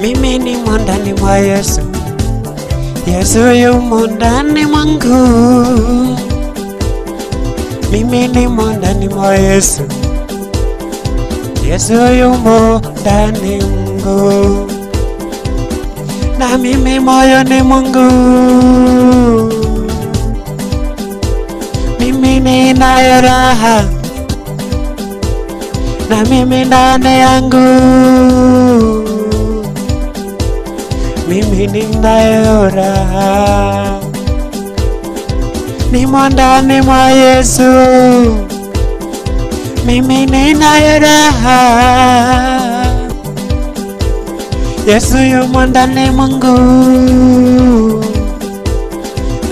mimi ni ndani mwa Yesu, Yesu yumo ndani mwangu. Mimi nimo ndani mwa Yesu, Yesu yumo ndani mwangu, na mimi moyo ni mwangu, mimi ninayo raha, na mimi ndani yangu linda yora nimo ndani mwa Yesu, mimi ninayo raha. Yesu yumo ndani mwangu,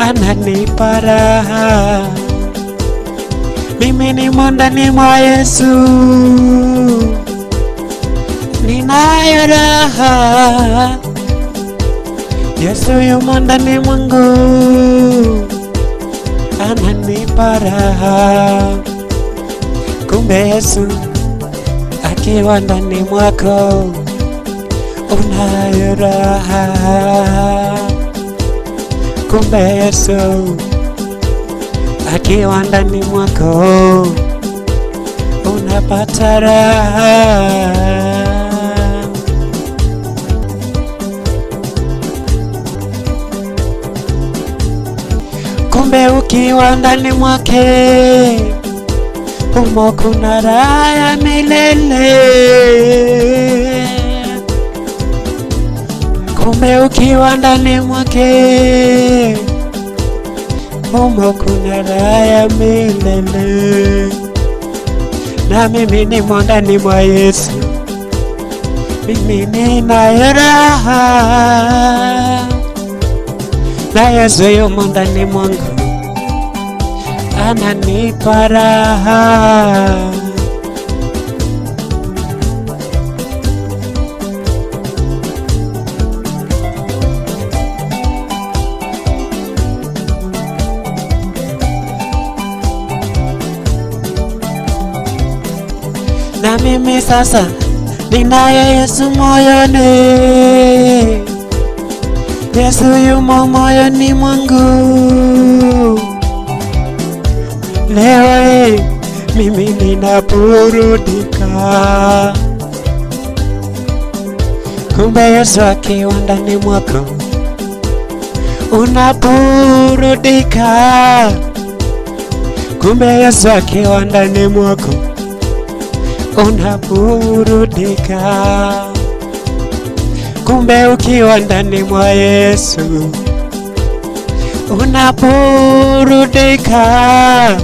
Anani raha. Mimi nimo ndani mwa Yesu, ninayo raha. Yesu yumo ndani mwangu, ananipa raha. Kumbe Yesu akiwa ndani mwako unayo raha. Kumbe Yesu akiwa ndani mwako unapata raha. Kumbe ukiwa ndani mwake humo kuna raha ya milele. Kumbe ukiwa ndani mwake humo kuna raha ya milele. Na mimi nimo ndani mwa Yesu, mimi nina raha na Yesu yumo ndani mwangu Anani Paraha Na mimi sasa ninaye Yesu ni Yesu yumo ni mwangu leo hii eh, mimi ninaburudika, kumbe Yesu akiwa ndani mwako unaburudika, kumbe Yesu akiwa ndani mwako unaburudika, kumbe ukiwa ndani mwa Yesu unaburudika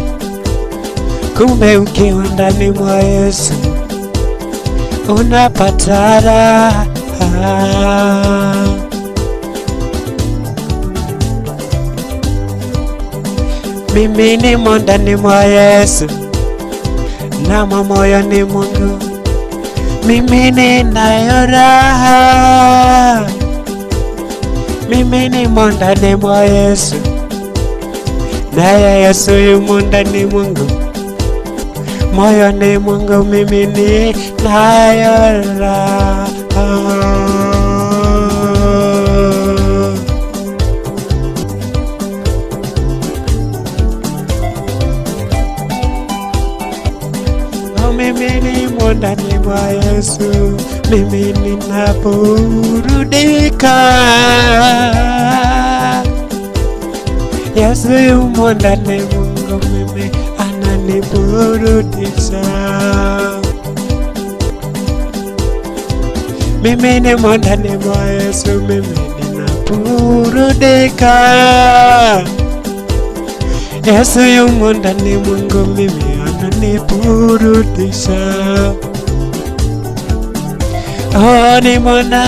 Kumbe ukiwa ndani mwa Yesu unapata raha. Mimi nimo ndani mwa Yesu na ni mungu mimi ninayo raha. Mimi nimo ndani mwa Yesu naye Yesu yumo ndani mwangu moyoni Mungu mimi ninayo oh, raha. Mimi nimo ndani mwa Yesu, mimi ninaburudika. Yesu yumo ndani umeniburudisha. Mimi nimo ndani mwa Yesu, mimi ninaburudika. Yesu yumo ndani mwangu, mimi ananiburudisha. Oh, nimona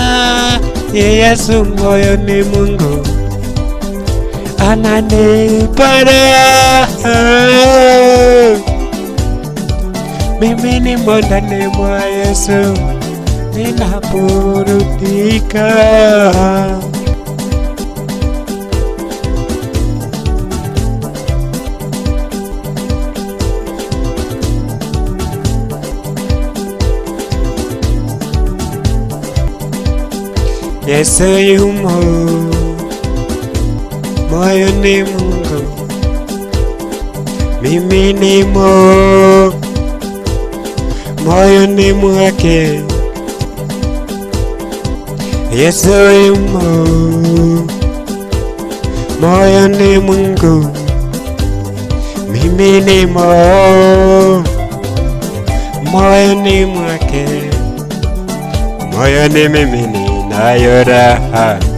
ye Yesu moyo moyoni mwangu ananipara mimi nimo ndani mwa Yesu, ninaburudika. Yesu yumo moyoni mwangu, mimi nimo moyoni mwake Yesu yumo moyoni mwangu, mimi nimo moyoni mwake, moyoni mimi ninayo raha